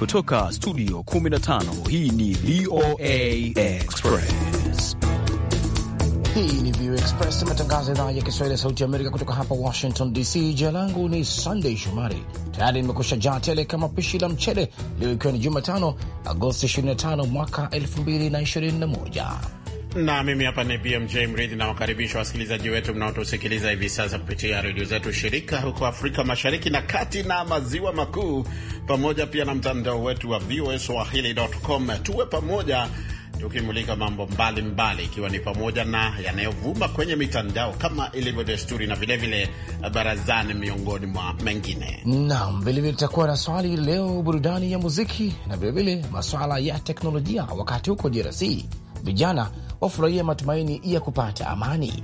Kutoka studio 15 hii ni VOA Express. Hii ni VOA Express, matangazo ya idhaa ya Kiswahili ya Sauti Amerika kutoka hapa Washington DC. Jina langu ni sandey Shomari, tayari nimekusha jaa tele kama pishi la mchele, leo ikiwa ni Jumatano Agosti 25 mwaka 2021 na mimi hapa ni BMJ Mridhi, nawakaribisha wasikilizaji wetu mnaotusikiliza hivi sasa kupitia redio zetu shirika huko Afrika Mashariki na Kati na Maziwa Makuu, pamoja pia na mtandao wetu wa VOA Swahili.com. Tuwe pamoja tukimulika mambo mbalimbali, ikiwa mbali, ni pamoja na yanayovuma kwenye mitandao kama ilivyo desturi, na vilevile barazani, miongoni mwa mengine. Naam, vilevile tutakuwa na swali leo, burudani ya muziki, na vilevile maswala ya teknolojia, wakati huko DRC vijana wafurahia matumaini ya kupata amani.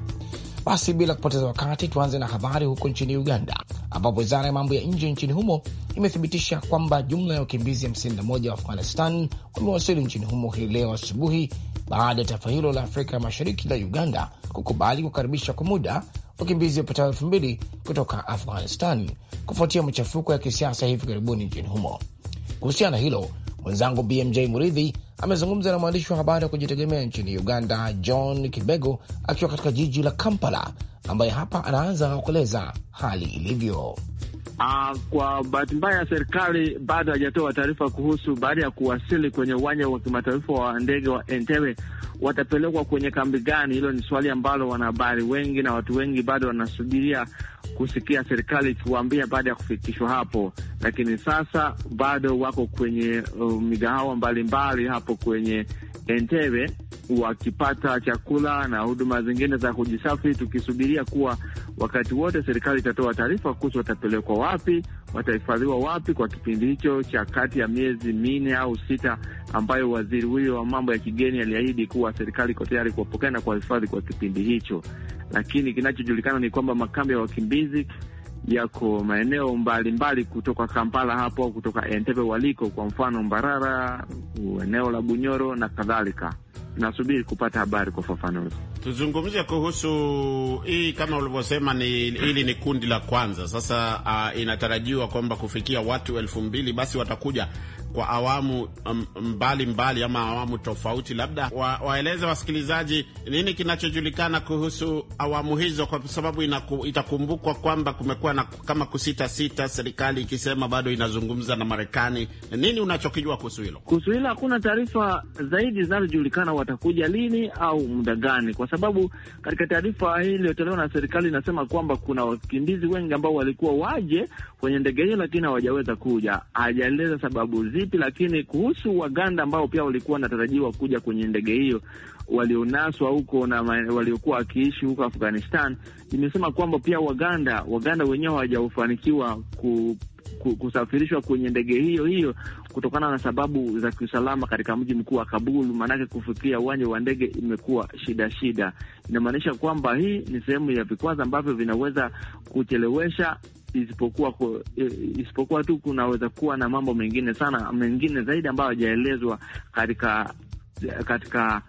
Basi bila kupoteza wakati, tuanze na habari huko nchini Uganda, ambapo wizara ya mambo ya nje nchini humo imethibitisha kwamba jumla ya wakimbizi 51 wa Afghanistan wamewasili nchini humo hii leo asubuhi baada ya taifa hilo la Afrika Mashariki la Uganda kukubali kukaribisha kwa muda wakimbizi wapatao elfu mbili kutoka Afghanistan kufuatia machafuko ya kisiasa hivi karibuni nchini humo. Kuhusiana na hilo, mwenzangu BMJ Muridhi amezungumza na mwandishi wa habari wa kujitegemea nchini Uganda, John Kibego, akiwa katika jiji la Kampala, ambaye hapa anaanza kueleza hali ilivyo. Uh, kwa bahati mbaya serikali bado hajatoa taarifa kuhusu baada ya kuwasili kwenye uwanja wa kimataifa wa ndege wa Entebbe watapelekwa kwenye kambi gani. Hilo ni swali ambalo wanahabari wengi na watu wengi bado wanasubiria kusikia serikali ikiwaambia baada ya kufikishwa hapo, lakini sasa bado wako kwenye uh, migahawa mbalimbali hapa hapo kwenye Entebbe wakipata chakula na huduma zingine za kujisafi, tukisubiria kuwa wakati wote serikali itatoa taarifa kuhusu watapelekwa wapi, watahifadhiwa wapi kwa kipindi hicho cha kati ya miezi minne au sita, ambayo waziri huyo wa mambo ya kigeni aliahidi kuwa serikali iko tayari kuwapokea na kuwahifadhi kwa kipindi hicho. Lakini kinachojulikana ni kwamba makambi ya wakimbizi yako maeneo mbalimbali kutoka Kampala hapo au kutoka Entebbe waliko, kwa mfano Mbarara, eneo la Bunyoro na kadhalika. Nasubiri kupata habari kwa ufafanuzi tuzungumze kuhusu hii, kama ulivyosema, ni hili ni kundi la kwanza. Sasa uh, inatarajiwa kwamba kufikia watu elfu mbili basi watakuja kwa awamu mbalimbali um, mbali, ama awamu tofauti. Labda wa, waeleze wasikilizaji nini kinachojulikana kuhusu awamu hizo, kwa sababu inaku, itakumbukwa kwamba kumekuwa na kama kusita sita, serikali ikisema bado inazungumza na Marekani. Nini unachokijua kuhusu hilo? Kuhusu hilo hakuna taarifa zaidi zinazojulikana watakuja lini au muda gani kwa sababu katika taarifa hii iliyotolewa na serikali inasema kwamba kuna wakimbizi wengi ambao walikuwa waje kwenye ndege hiyo, lakini hawajaweza kuja. Hajaeleza sababu zipi, lakini kuhusu Waganda ambao pia walikuwa wanatarajiwa kuja kwenye ndege hiyo walionaswa huko na waliokuwa wakiishi huko Afghanistan, imesema kwamba pia Waganda Waganda wenyewe hawajafanikiwa ku kusafirishwa kwenye ndege hiyo hiyo kutokana na sababu za kiusalama katika mji mkuu wa Kabul, maanake kufikia uwanja wa ndege imekuwa shida shida. Inamaanisha kwamba hii ni sehemu ya vikwazo ambavyo vinaweza kuchelewesha isipokuwa ku, e, isipokuwa tu kunaweza kuwa na mambo mengine sana mengine zaidi ambayo hajaelezwa katika katika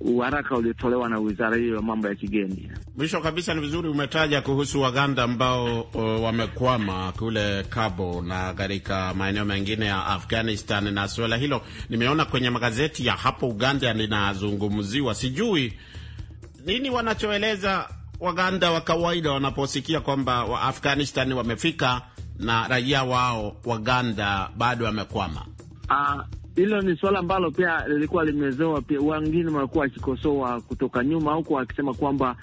waraka uliotolewa na wizara hiyo ya mambo ya kigeni. Mwisho kabisa, ni vizuri umetaja kuhusu Waganda ambao wamekwama kule kabo na katika maeneo mengine ya Afghanistan, na suala hilo nimeona kwenye magazeti ya hapo Uganda linazungumziwa. Sijui nini wanachoeleza Waganda wa kawaida wanaposikia kwamba Waafghanistan wamefika na raia wao Waganda bado wamekwama. Uh, hilo ni suala ambalo pia lilikuwa limezoa, pia wengine walikuwa wakikosoa kutoka nyuma, huku wakisema kwamba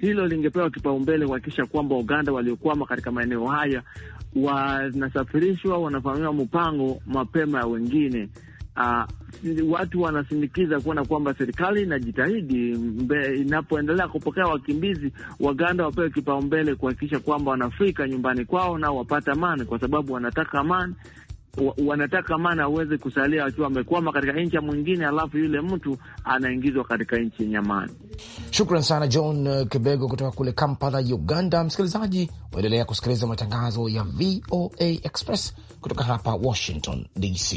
hilo lingepewa kipaumbele kuhakikisha kwamba Uganda waliokwama katika maeneo haya wanasafirishwa, wanafanyiwa mpango mapema ya wengine. Uh, watu wanasindikiza kuona kwamba serikali inajitahidi inapoendelea kupokea wakimbizi Waganda wapewe kipaumbele kuhakikisha kwamba wanafika nyumbani kwao nao wapata amani, kwa sababu wanataka amani wanataka maana aweze kusalia akiwa amekwama katika nchi ya mwingine, alafu yule mtu anaingizwa katika nchi yenye amani. Shukran sana John Kibego kutoka kule Kampala, Uganda. Msikilizaji, waendelea kusikiliza matangazo ya VOA Express kutoka hapa Washington DC.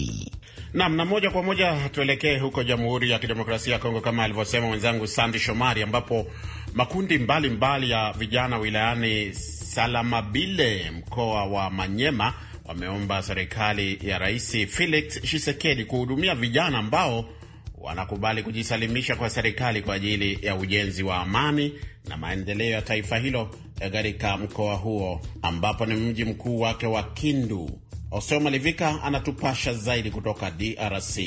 Nam na moja kwa moja tuelekee huko Jamhuri ya Kidemokrasia ya Kongo, kama alivyosema mwenzangu Sandi Shomari, ambapo makundi mbalimbali mbali ya vijana wilayani Salamabile, mkoa wa Manyema wameomba serikali ya Rais Felix Tshisekedi kuhudumia vijana ambao wanakubali kujisalimisha kwa serikali kwa ajili ya ujenzi wa amani na maendeleo ya taifa hilo katika mkoa huo ambapo ni mji mkuu wake wa Kindu. Oseo Malivika anatupasha zaidi kutoka DRC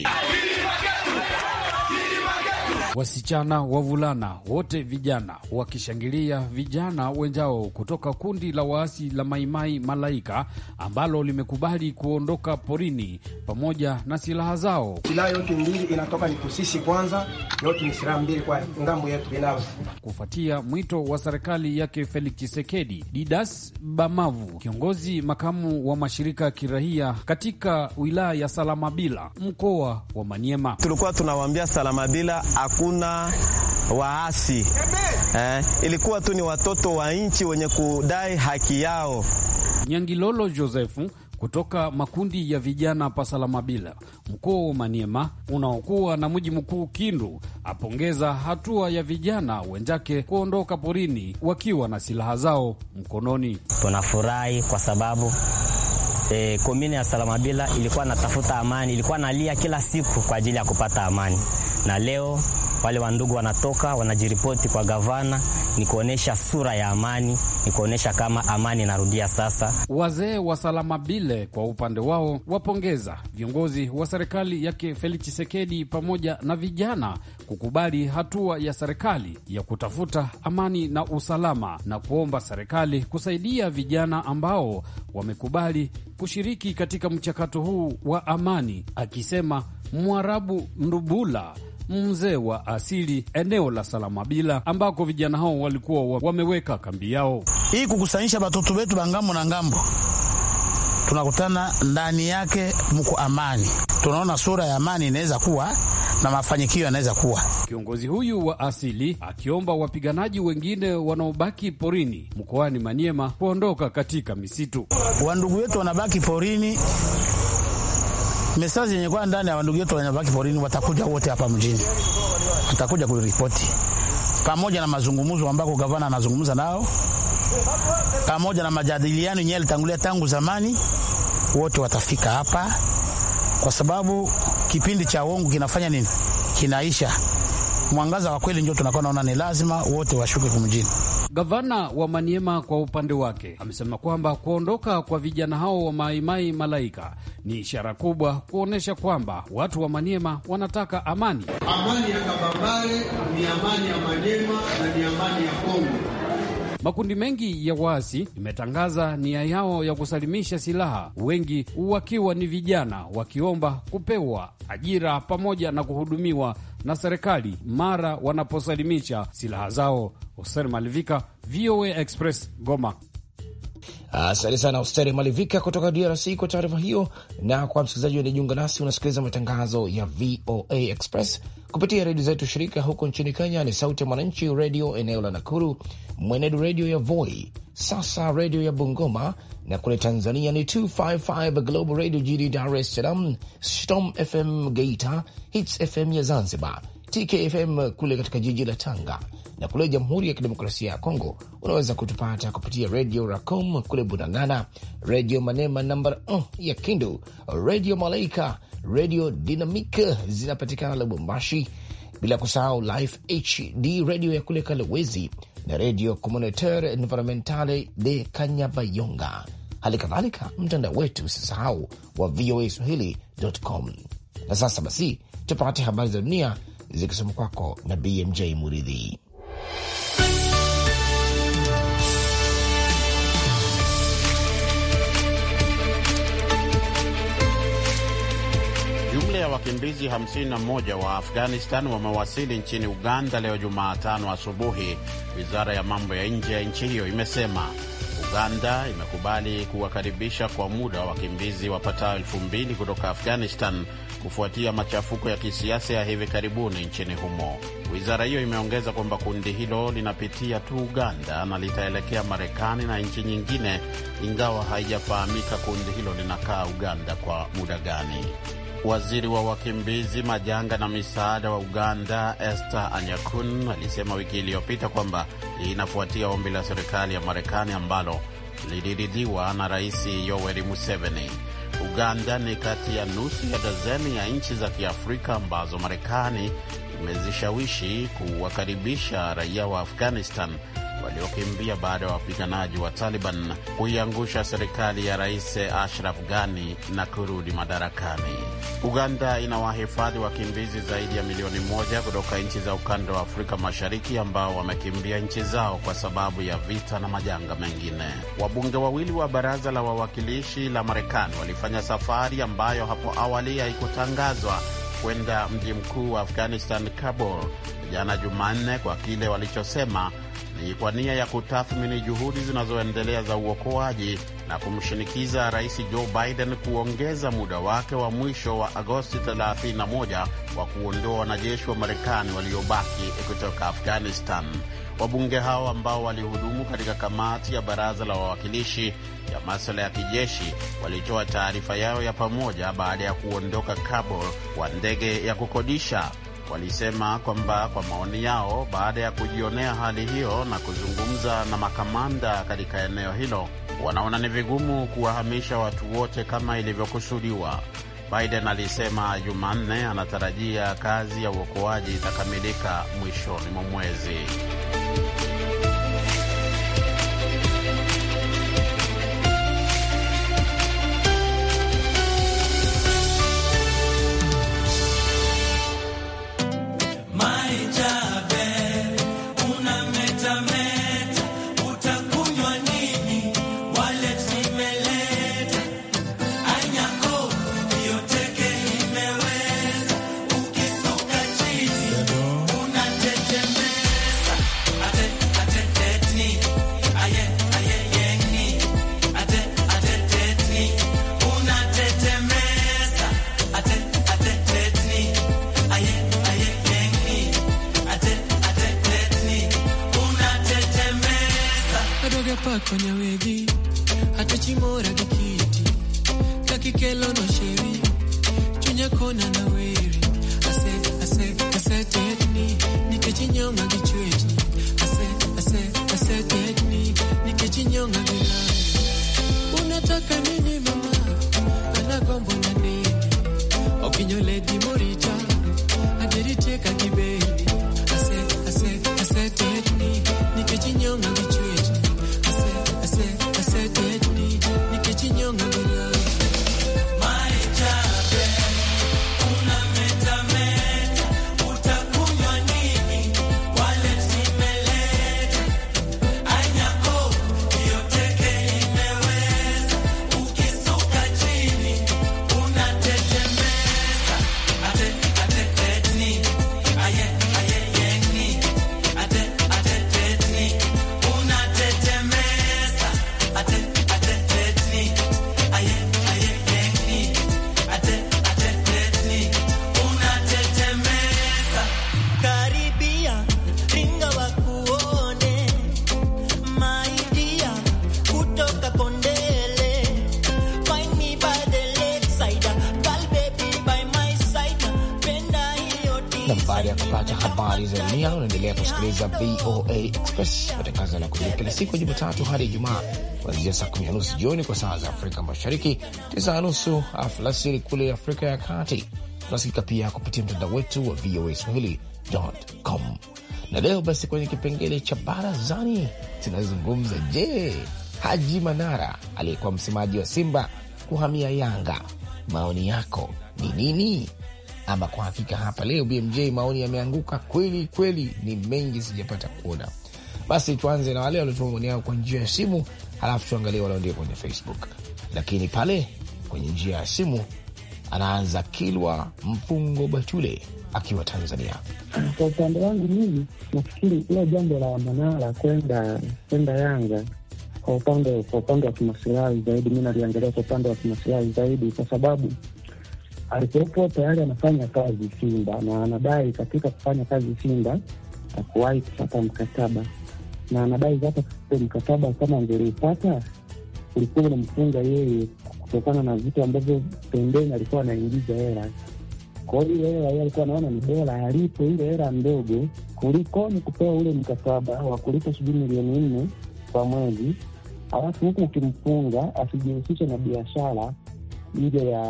wasichana wavulana, wote vijana wakishangilia vijana wenzao kutoka kundi la waasi la Maimai Malaika ambalo limekubali kuondoka porini pamoja na silaha zao. Silaha yote mbili inatoka ni kusisi kwanza, yote ni silaha mbili kwa ngambo yetu binafsi. Kufuatia mwito wa serikali yake Felix chisekedi Didas Bamavu, kiongozi makamu wa mashirika ya kirahia katika wilaya ya Salamabila, mkoa wa Maniema, tulikuwa tunawaambia Salamabila hakuna waasi eh, ilikuwa tu ni watoto wa nchi wenye kudai haki yao. Nyangilolo Josefu kutoka makundi ya vijana Pasalamabila, mkoa wa Maniema unaokuwa na mji mkuu Kindu, apongeza hatua ya vijana wenzake kuondoka porini wakiwa na silaha zao mkononi. Tunafurahi kwa sababu e, eh, komini ya Salamabila ilikuwa natafuta amani, ilikuwa nalia kila siku kwa ajili ya kupata amani, na leo wale wandugu wanatoka wanajiripoti kwa gavana, ni kuonyesha sura ya amani, ni kuonyesha kama amani inarudia sasa. Wazee wa Salama Bile kwa upande wao wapongeza viongozi wa serikali yake Felix chisekedi pamoja na vijana kukubali hatua ya serikali ya kutafuta amani na usalama na kuomba serikali kusaidia vijana ambao wamekubali kushiriki katika mchakato huu wa amani, akisema Mwarabu Ndubula mzee wa asili eneo la Salamabila ambako vijana hao walikuwa wameweka kambi yao. Hii kukusanyisha watoto wetu bangambo ngambo na ngambo, tunakutana ndani yake, mko amani, tunaona sura ya amani inaweza kuwa na mafanikio yanaweza kuwa. Kiongozi huyu wa asili akiomba wapiganaji wengine wanaobaki porini mkoani Maniema kuondoka katika misitu. Wandugu wetu wanabaki porini mesaji yenye kwa ndani ya wandugu yetu wanyabaki porini watakuja wote hapa mjini, watakuja kuripoti pamoja na mazungumzo ambako gavana anazungumza nao pamoja na majadiliano yenyewe alitangulia tangu zamani. Wote watafika hapa kwa sababu kipindi cha uongo kinafanya nini? Kinaisha. Mwangaza wa kweli ndio tunakuwa naona ni lazima wote washuke kumjini. Gavana wa Maniema kwa upande wake amesema kwamba kuondoka kwa vijana hao wa Maimai Malaika ni ishara kubwa kuonyesha kwamba watu wa Maniema wanataka amani. Amani ya Kabambare ni amani ya Maniema na ni amani ya Kongo. Makundi mengi ya waasi imetangaza nia yao ya kusalimisha silaha, wengi wakiwa ni vijana, wakiomba kupewa ajira pamoja na kuhudumiwa na serikali mara wanaposalimisha silaha zao. Hosen Malivika, VOA Express, Goma. Asante sana Hosteri Malivika kutoka DRC kwa taarifa hiyo. Na kwa msikilizaji wanajiunga nasi, unasikiliza matangazo ya VOA Express kupitia redio zetu shirika huko nchini Kenya ni Sauti ya Mwananchi redio eneo la Nakuru, Mwenedu redio ya Voi, Sasa redio ya Bungoma, na kule Tanzania ni 255 Global Radio jijini Dar es Salaam, Storm FM Geita, Hits FM ya Zanzibar, TKFM uh, kule katika jiji la Tanga, na kule Jamhuri ya Kidemokrasia ya Kongo unaweza kutupata kupitia Redio Racom kule Bunangana, Redio Manema namba uh, ya Kindu, Redio Malaika, Redio Dinamik uh, zinapatikana Lubumbashi, bila kusahau Life HD redio ya kule Kalewezi na Redio Communautaire Environnementale de Kanyabayonga, hali kadhalika mtandao wetu usisahau wa VOA Swahili.com. Na sasa basi tupate habari za dunia zikisoma kwako na BMJ Muridhi. Jumla ya wakimbizi 51 wa Afghanistan wamewasili nchini Uganda leo Jumatano asubuhi, wizara ya mambo ya nje ya nchi hiyo imesema. Uganda imekubali kuwakaribisha kwa muda wa wakimbizi wapatao elfu mbili kutoka Afghanistan kufuatia machafuko ya kisiasa ya hivi karibuni nchini humo. Wizara hiyo imeongeza kwamba kundi hilo linapitia tu Uganda na litaelekea Marekani na nchi nyingine, ingawa haijafahamika kundi hilo linakaa Uganda kwa muda gani. Waziri wa wakimbizi, majanga na misaada wa Uganda, Esther Anyakun, alisema wiki iliyopita kwamba inafuatia ombi la serikali ya Marekani ambalo liliridhiwa na Rais Yoweri Museveni. Uganda ni kati ya nusu ya dazeni ya nchi za Kiafrika ambazo Marekani imezishawishi kuwakaribisha raia wa Afghanistan waliokimbia baada ya wapiganaji wa Taliban kuiangusha serikali ya Rais Ashraf Ghani na kurudi madarakani. Uganda ina wahifadhi wakimbizi zaidi ya milioni moja kutoka nchi za ukanda wa Afrika Mashariki ambao wamekimbia nchi zao kwa sababu ya vita na majanga mengine. Wabunge wawili wa baraza la wawakilishi la Marekani walifanya safari ambayo hapo awali haikutangazwa kwenda mji mkuu wa Afghanistan, Kabul, jana Jumanne, kwa kile walichosema ni kwa nia ya kutathmini juhudi zinazoendelea za uokoaji na kumshinikiza Rais Joe Biden kuongeza muda wake wa mwisho wa Agosti 31 wa kuondoa wanajeshi wa Marekani waliobaki kutoka Afghanistan. Wabunge hao ambao walihudumu katika kamati ya baraza la wawakilishi ya masuala ya kijeshi walitoa taarifa yao ya pamoja baada ya kuondoka Kabul kwa ndege ya kukodisha walisema kwamba kwa maoni yao, baada ya kujionea hali hiyo na kuzungumza na makamanda katika eneo hilo, wanaona ni vigumu kuwahamisha watu wote kama ilivyokusudiwa. Biden alisema Jumanne anatarajia kazi ya uokoaji itakamilika mwishoni mwa mwezi. Gapakonya wedi atechimora gikiti kakikelo no shewi chunya kona na weri ase ase ase tetni nikechinyonga gichwechni ase ase ase tetni nikechinyonga gilani unataka nini mama anagombo na nini Okinyo ledi morita aderite kagibeli ase ase ase tetni nikechinyonga gichwechni siku ya Jumatatu hadi Ijumaa kuanzia saa kumi na nusu jioni kwa saa za Afrika Mashariki, tisa na nusu alasiri kule Afrika ya Kati. Tunasikika pia kupitia mtandao wetu wa VOA Swahili.com. Na leo basi, kwenye kipengele cha barazani tunazungumza, je, Haji Manara aliyekuwa msemaji wa Simba kuhamia Yanga, maoni yako ni nini? Ama kwa hakika hapa leo BMJ, maoni yameanguka kweli kweli, ni mengi, sijapata kuona basi tuanze na wale waliotuma maoni yao kwa njia ya simu, halafu tuangalie walioandika kwenye Facebook. Lakini pale kwenye njia ya simu anaanza Kilwa Mfungo Batule akiwa Tanzania. Kwa upande wangu mimi nafikiri hilo jambo la Manara kwenda kwenda Yanga kwa upande kwa upande wa kimasilahi zaidi, mi naliangalia kwa upande wa kimasilahi zaidi, kwa sababu alikuwepo tayari anafanya kazi Simba na anadai katika kufanya kazi Simba akuwahi kupata mkataba na anadai hata mkataba kama angeliupata ulikuwa unamfunga yeye kutokana na vitu ambavyo pembeni alikuwa anaingiza hela. Kwa hiyo hela yeye alikuwa anaona ni bora alipe ile hela ndogo kuliko ni kupewa ule mkataba wa kulipa shilingi milioni nne kwa mwezi, alafu huku ukimfunga asijihusishe na biashara ile ya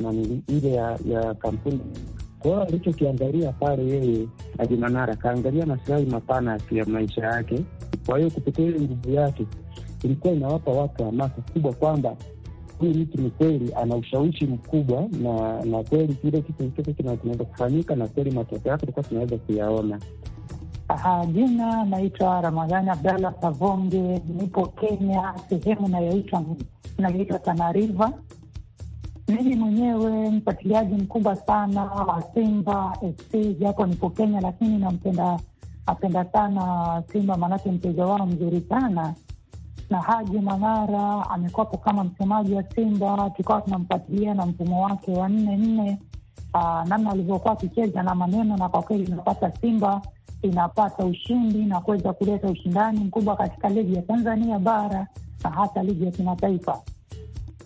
nani ile ya, ya kampuni. Kwa hiyo alichokiangalia pale yeye Haji Manara kaangalia masilahi mapana ya maisha yake kwa hiyo kupitia ile nguvu yake ilikuwa inawapa watu hamasa kubwa kwamba huyu mtu ni kweli ana ushawishi mkubwa, na na kweli kile kitu chote kinaweza kufanyika, na kweli matokeo yake tulikuwa tunaweza kuyaona. Jina naitwa Ramadhani Abdallah Savonge, nipo Kenya, sehemu inayoitwa inayoitwa Tana River. Mimi mwenyewe mfuatiliaji mkubwa sana wa Simba FC, japo nipo Kenya, lakini nampenda apenda sana Simba maanake mteja wao mzuri sana na Haji Manara amekuwapo kama msemaji wa Simba, tukawa tunamfuatilia na mfumo wake wa nne nne, ah, namna alivyokuwa akicheza na maneno, na kwa kweli inapata Simba inapata ushindi na kuweza kuleta ushindani mkubwa katika ligi ya Tanzania bara na hata ligi ya kimataifa.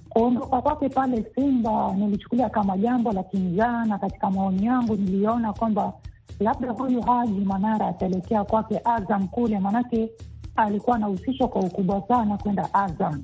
Kuondoka kwake pale Simba nilichukulia kama jambo la kinzana. Katika maoni yangu, niliona kwamba labda huyu Haji Manara ataelekea kwake Azam kule, manake alikuwa anahusishwa kwa ukubwa sana kwenda Azam.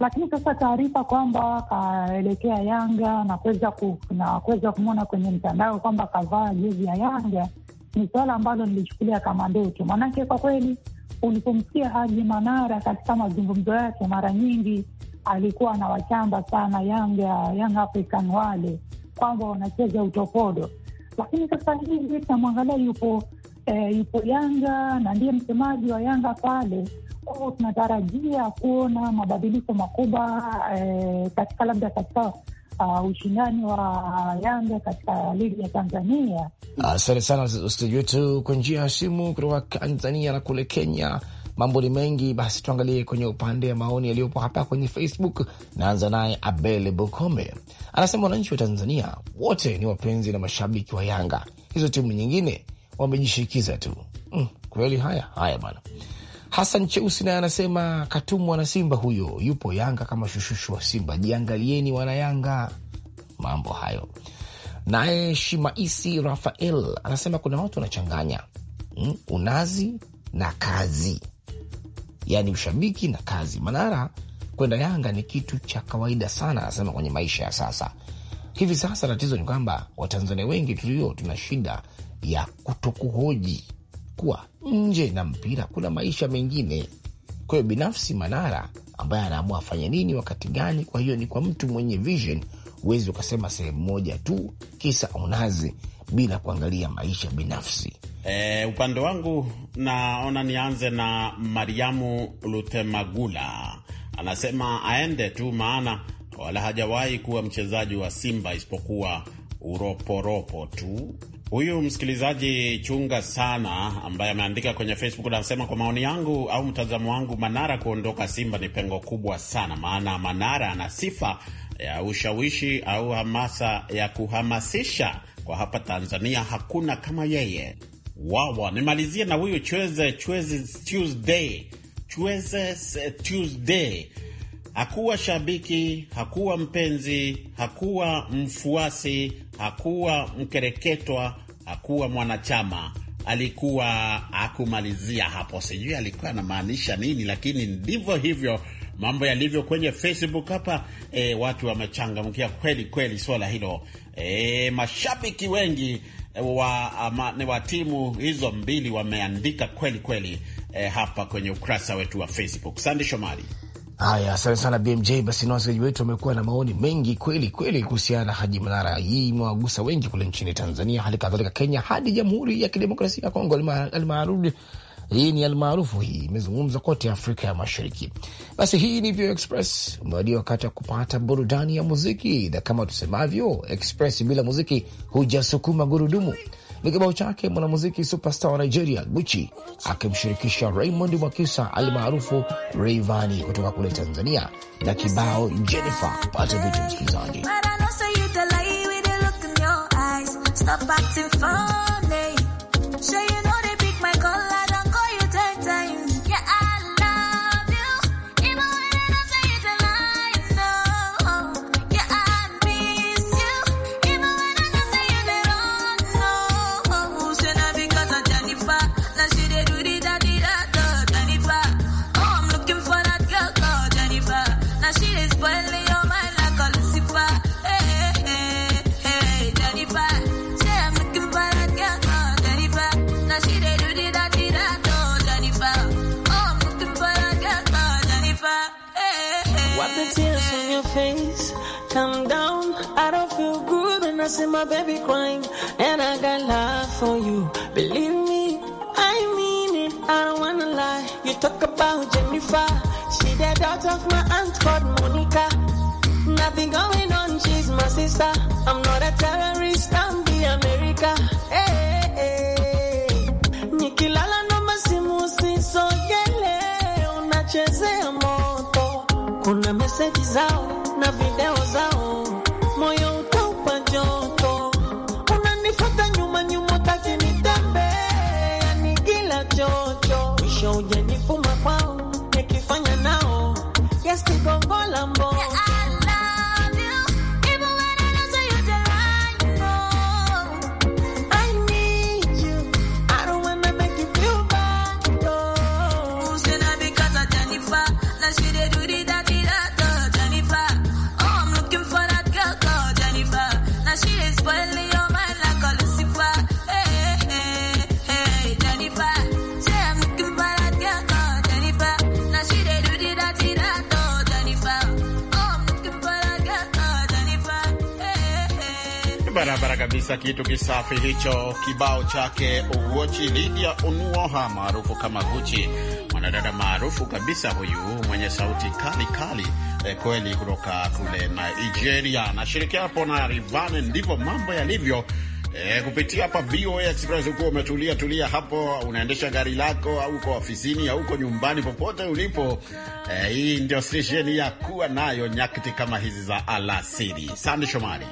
Lakini sasa taarifa kwamba kaelekea Yanga na kuweza ku, na kuweza kumwona kwenye mtandao kwamba kavaa jezi ya Yanga ni suala ambalo nilichukulia kama ndoto, manake kwa kweli ulipomsikia Haji Manara katika mazungumzo yake, mara nyingi alikuwa anawachamba sana Yanga, Young African wale kwamba wanacheza utopodo lakini sasa hivi tunamwangalia yupo eh, yupo Yanga na ndiye msemaji wa Yanga pale. kwao. tunatarajia kuona mabadiliko makubwa eh, katika labda katika Uh, ushindani wa Yanga katika ligi ya Tanzania. Asante sana studio wetu kwa njia ya simu kutoka Tanzania na kule Kenya. Mambo ni mengi, basi tuangalie kwenye upande wa maoni yaliyopo hapa kwenye Facebook. Naanza naye Abele Bukombe, anasema wananchi wa Tanzania wote ni wapenzi na mashabiki wa Yanga, hizo timu nyingine wamejishikiza tu. Mm, kweli. Haya haya bana. Hasan Cheusi naye anasema katumwa na Simba, huyo yupo Yanga kama shushushu wa Simba, jiangalieni wana Yanga. Mambo hayo. Naye Shimaisi Rafael anasema kuna watu wanachanganya mm, unazi na kazi yaani ushabiki na kazi. Manara kwenda Yanga ni kitu cha kawaida sana, anasema kwenye maisha ya sasa hivi. Sasa tatizo ni kwamba Watanzania wengi tulio tuna shida ya kutokuhoji kuwa nje na mpira kuna maisha mengine. Kwa hiyo binafsi Manara ambaye anaamua afanye nini wakati gani. Kwa hiyo ni kwa mtu mwenye vision, huwezi ukasema sehemu moja tu kisa unazi bila kuangalia maisha binafsi. E, upande wangu naona nianze na Mariamu Lutemagula. Anasema aende tu, maana wala hajawahi kuwa mchezaji wa Simba isipokuwa uroporopo tu. Huyu msikilizaji chunga sana, ambaye ameandika kwenye Facebook, anasema kwa maoni yangu au mtazamo wangu, Manara kuondoka Simba ni pengo kubwa sana, maana Manara ana sifa ya ushawishi au hamasa ya kuhamasisha kwa hapa Tanzania, hakuna kama yeye wawa. Nimalizie na huyu Chweze Chweze Tuesday, Chweze Tuesday. Hakuwa shabiki, hakuwa mpenzi, hakuwa mfuasi, hakuwa mkereketwa, hakuwa mwanachama alikuwa akumalizia hapo, sijui alikuwa anamaanisha nini, lakini ndivyo hivyo mambo yalivyo kwenye Facebook hapa. E, watu wamechangamkia kweli kweli swala hilo. E, mashabiki wengi Eh, wa, ama, ni wa timu hizo mbili wameandika kweli kweli eh, hapa kwenye ukurasa wetu wa Facebook. Sandi Shomari. Haya, asante sana BMJ. Basi na wasikilizaji wetu wamekuwa na maoni mengi kweli kweli kuhusiana na Haji Manara. Hii imewagusa wengi kule nchini Tanzania, hali kadhalika Kenya, hadi Jamhuri ya Kidemokrasia ya Kongo alimarudi hii ni almaarufu hii, imezungumza kote Afrika ya Mashariki. Basi hii ni Vio Express, umewadia wakati wa kupata burudani ya muziki, na kama tusemavyo Express bila muziki hujasukuma gurudumu. Ni kibao chake mwanamuziki superstar wa Nigeria Guchi akimshirikisha Raymond Mwakisa almaarufu Rayvanny kutoka kule Tanzania na kibao Jennifer. Pata vitu msikilizaji. Kuna meseji zao na video zao, moyo utaupa joto, unanifuata nyuma nyuma, taki nitembe, yani kila chocho, mwisho ujanifuma kwao, nikifanya nao gesti gongola mbo Barabara kabisa, kitu kisafi hicho, kibao chake Uochi Lidia Unuoha maarufu kama Guchi, mwanadada maarufu kabisa huyu mwenye sauti kali kali eh, kweli, kutoka kule Nigeria, nashirikiana hapo na Rivane. Ndivyo mambo yalivyo. E, kupitia hapa VOA Express umetulia tulia hapo, unaendesha gari lako au uko ofisini au uko nyumbani, popote ulipo. E, hii ndio stesheni ya kuwa nayo nyakati kama hizi za alasiri. Sande Shomari.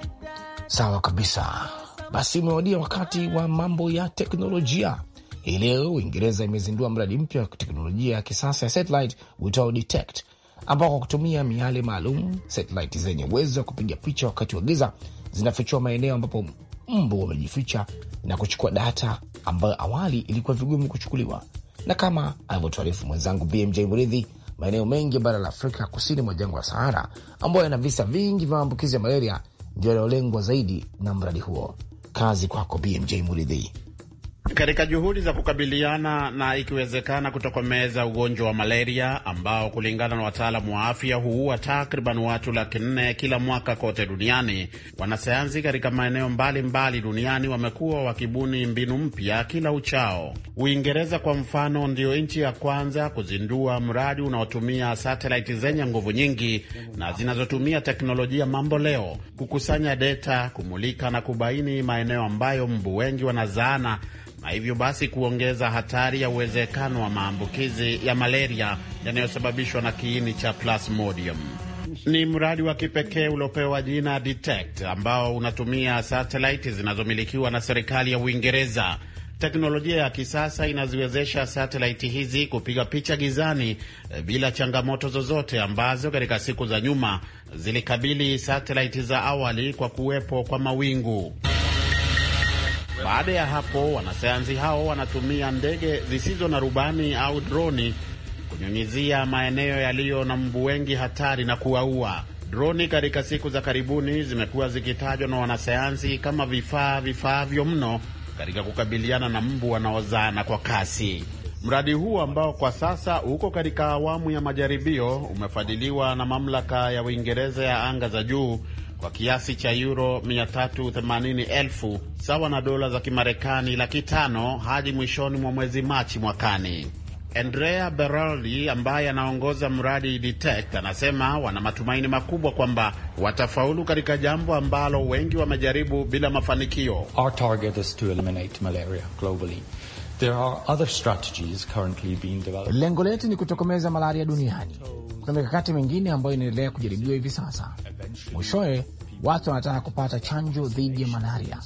Sawa kabisa. Basi umewadia wakati wa mambo ya teknolojia. Hii leo Uingereza imezindua mradi mpya wa teknolojia ya kisasa ya satellite uitao Detect, ambao kwa kutumia miale maalum, satellite zenye uwezo wa kupiga picha wakati wa giza zinafichua maeneo ambapo mbu wamejificha na kuchukua data ambayo awali ilikuwa vigumu kuchukuliwa. Na kama alivyotuarifu mwenzangu BMJ Mridhi, maeneo mengi ya bara la Afrika kusini mwa jangwa la Sahara ambayo yana visa vingi vya maambukizi ya malaria ndio yanayolengwa zaidi na mradi huo. Kazi kwako BMJ Muridhi. Katika juhudi za kukabiliana na ikiwezekana kutokomeza ugonjwa wa malaria ambao kulingana na wataalamu wa afya huua takriban watu laki nne kila mwaka kote duniani, wanasayansi katika maeneo mbalimbali duniani wamekuwa wakibuni mbinu mpya kila uchao. Uingereza kwa mfano, ndio nchi ya kwanza kuzindua mradi unaotumia satelaiti zenye nguvu nyingi na zinazotumia teknolojia mambo leo kukusanya deta, kumulika na kubaini maeneo ambayo mbu wengi wanazaana na hivyo basi kuongeza hatari ya uwezekano wa maambukizi ya malaria yanayosababishwa na kiini cha Plasmodium. Ni mradi wa kipekee uliopewa jina Detect ambao unatumia satelaiti zinazomilikiwa na serikali ya Uingereza. Teknolojia ya kisasa inaziwezesha satelaiti hizi kupiga picha gizani eh, bila changamoto zozote ambazo katika siku za nyuma zilikabili satelaiti za awali kwa kuwepo kwa mawingu. Baada ya hapo, wanasayansi hao wanatumia ndege zisizo na rubani au droni kunyunyizia maeneo yaliyo na mbu wengi hatari na kuwaua. Droni katika siku za karibuni zimekuwa zikitajwa na wanasayansi kama vifaa vifaavyo mno katika kukabiliana na mbu wanaozaana kwa kasi. Mradi huu ambao kwa sasa uko katika awamu ya majaribio umefadhiliwa na mamlaka ya Uingereza ya anga za juu kwa kiasi cha euro 380,000 sawa na dola za Kimarekani laki tano hadi mwishoni mwa mwezi Machi mwakani. Andrea Berardi ambaye anaongoza mradi Detect anasema wana matumaini makubwa kwamba watafaulu katika jambo ambalo wengi wamejaribu bila mafanikio. Our target is to eliminate malaria globally. There are other strategies currently being developed. Lengo letu ni kutokomeza malaria duniani. Kuna mikakati mingine ambayo inaendelea kujaribiwa hivi sasa. Mwishowe watu wanataka kupata chanjo dhidi ya malaria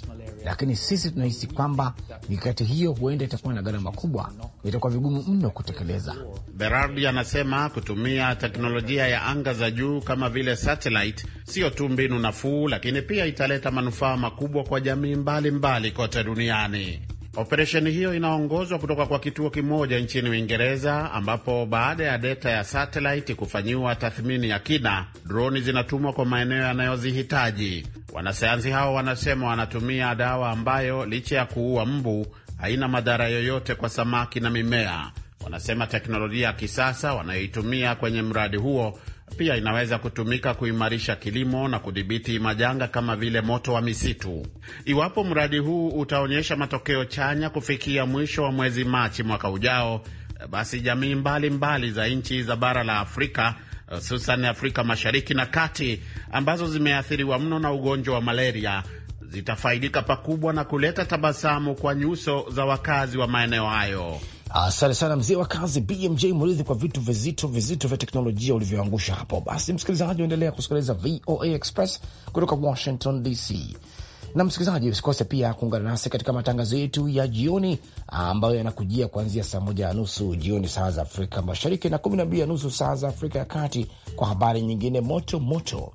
lakini sisi tunahisi kwamba mikakati hiyo huenda itakuwa na gharama kubwa, itakuwa vigumu mno kutekeleza. Berardi anasema kutumia teknolojia ya anga za juu kama vile satellite sio tu mbinu nafuu, lakini pia italeta manufaa makubwa kwa jamii mbalimbali mbali kote duniani. Operesheni hiyo inaongozwa kutoka kwa kituo kimoja nchini Uingereza, ambapo baada ya deta ya satelaiti kufanyiwa tathmini ya kina, droni zinatumwa kwa maeneo yanayozihitaji. Wanasayansi hao wanasema wanatumia dawa ambayo licha ya kuua mbu haina madhara yoyote kwa samaki na mimea. Wanasema teknolojia ya kisasa wanayoitumia kwenye mradi huo pia inaweza kutumika kuimarisha kilimo na kudhibiti majanga kama vile moto wa misitu. Iwapo mradi huu utaonyesha matokeo chanya kufikia mwisho wa mwezi Machi mwaka ujao, basi jamii mbalimbali mbali za nchi za bara la Afrika hususan Afrika Mashariki na Kati ambazo zimeathiriwa mno na ugonjwa wa malaria zitafaidika pakubwa na kuleta tabasamu kwa nyuso za wakazi wa maeneo hayo. Asante sana mzee wa kazi BMJ Mridhi kwa vitu vizito vizito vya teknolojia ulivyoangusha hapo. Basi msikilizaji, endelea kusikiliza VOA Express kutoka Washington DC, na msikilizaji, usikose pia kuungana nasi katika matangazo yetu ya jioni ambayo yanakujia kuanzia saa moja na nusu jioni saa za Afrika Mashariki na kumi na mbili na nusu saa za Afrika ya Kati kwa habari nyingine moto moto.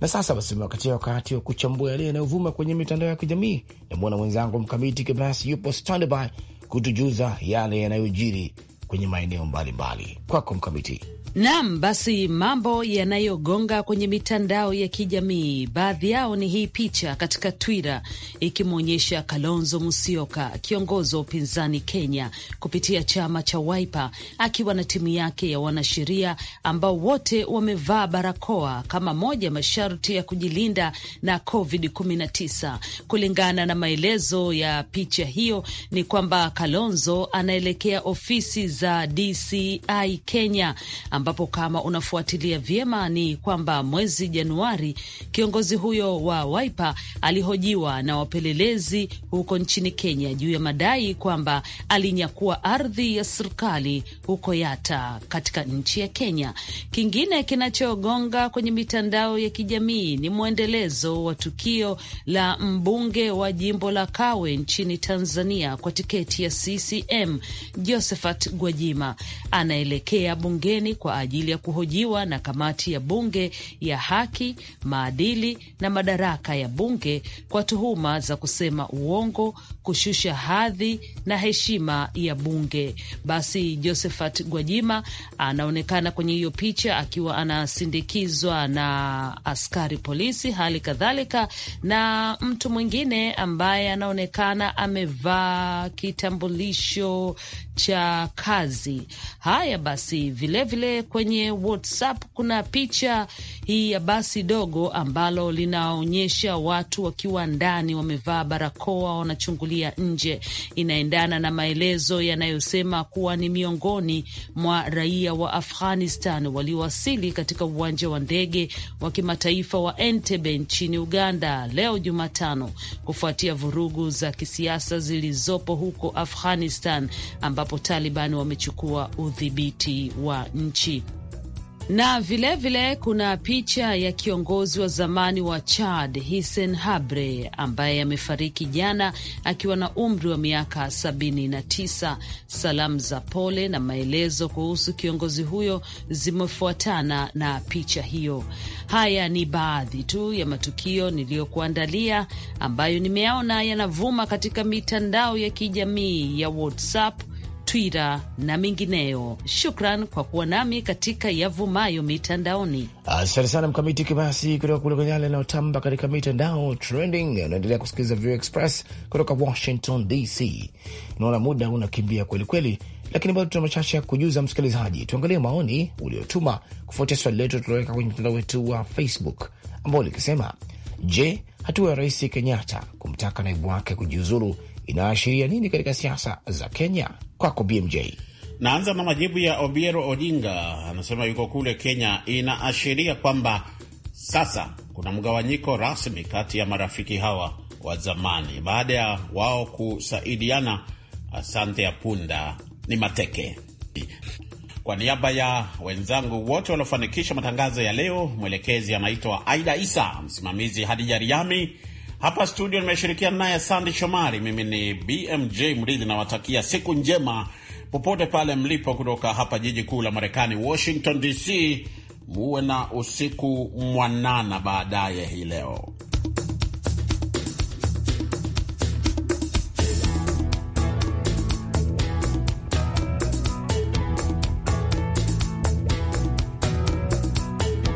Na sasa basi, wakati wakati wa kuchambua yale yanayovuma kwenye mitandao ya kijamii, namwona mwenzangu Mkamiti Kibayasi yupo standby kutujuza yale yanayojiri kwenye maeneo mbalimbali. Kwako Mkamiti. Naam, basi mambo yanayogonga kwenye mitandao ya kijamii, baadhi yao ni hii picha katika Twitter ikimwonyesha Kalonzo Musyoka, kiongozi wa upinzani Kenya kupitia chama cha Wiper, akiwa na timu yake ya wanasheria ambao wote wamevaa barakoa kama moja masharti ya kujilinda na COVID-19. Kulingana na maelezo ya picha hiyo, ni kwamba Kalonzo anaelekea ofisi za DCI Kenya ambapo kama unafuatilia vyema ni kwamba mwezi Januari kiongozi huyo wa Wiper alihojiwa na wapelelezi huko nchini Kenya juu ya madai kwamba alinyakua ardhi ya serikali huko Yata katika nchi ya Kenya. Kingine kinachogonga kwenye mitandao ya kijamii ni mwendelezo wa tukio la mbunge wa jimbo la Kawe nchini Tanzania kwa tiketi ya CCM Josephat Gwajima anaelekea bungeni kwa kwa ajili ya kuhojiwa na kamati ya bunge ya haki, maadili na madaraka ya bunge kwa tuhuma za kusema uongo, kushusha hadhi na heshima ya bunge. Basi Josephat Gwajima anaonekana kwenye hiyo picha akiwa anasindikizwa na askari polisi, hali kadhalika na mtu mwingine ambaye anaonekana amevaa kitambulisho cha kazi. Haya basi, vilevile vile kwenye WhatsApp kuna picha hii ya basi dogo ambalo linaonyesha watu wakiwa ndani wamevaa barakoa wanachungulia ya nje inaendana na maelezo yanayosema kuwa ni miongoni mwa raia wa Afghanistan waliowasili katika uwanja wa ndege wa kimataifa wa Entebbe nchini Uganda leo Jumatano kufuatia vurugu za kisiasa zilizopo huko Afghanistan ambapo Taliban wamechukua udhibiti wa nchi na vilevile vile kuna picha ya kiongozi wa zamani wa Chad Hissen Habre ambaye amefariki jana akiwa na umri wa miaka sabini na tisa. Salamu za pole na maelezo kuhusu kiongozi huyo zimefuatana na picha hiyo. Haya ni baadhi tu ya matukio niliyokuandalia ambayo nimeyaona yanavuma katika mitandao ya kijamii ya WhatsApp Twitter na mengineyo. Shukran kwa kuwa nami katika yavumayo mitandaoni. Asante sana Mkamiti Kibasi kutoka kule kwenye yale yanayotamba katika mitandao trending. Unaendelea kusikiliza VOA Express kutoka Washington DC. Unaona muda unakimbia kwelikweli, lakini bado tuna machache ya kujuza msikilizaji. Tuangalie maoni uliotuma kufuatia swali letu tulioweka kwenye mtandao wetu wa Facebook ambao likisema: Je, hatua ya Rais Kenyatta kumtaka naibu wake kujiuzulu inaashiria nini katika siasa za Kenya? Kwako BMJ. Naanza na majibu ya Obiero Odinga, anasema yuko kule Kenya. Inaashiria kwamba sasa kuna mgawanyiko rasmi kati ya marafiki hawa wa zamani baada ya wao kusaidiana asante ya punda ni mateke. Kwa niaba ya wenzangu wote waliofanikisha matangazo ya leo, mwelekezi anaitwa Aida Isa, msimamizi Hadija Riami. Hapa studio nimeshirikiana naye Sandi Shomari. Mimi ni BMJ Mridhi, nawatakia siku njema popote pale mlipo, kutoka hapa jiji kuu la Marekani, Washington DC. Muwe na usiku mwanana baadaye hii leo.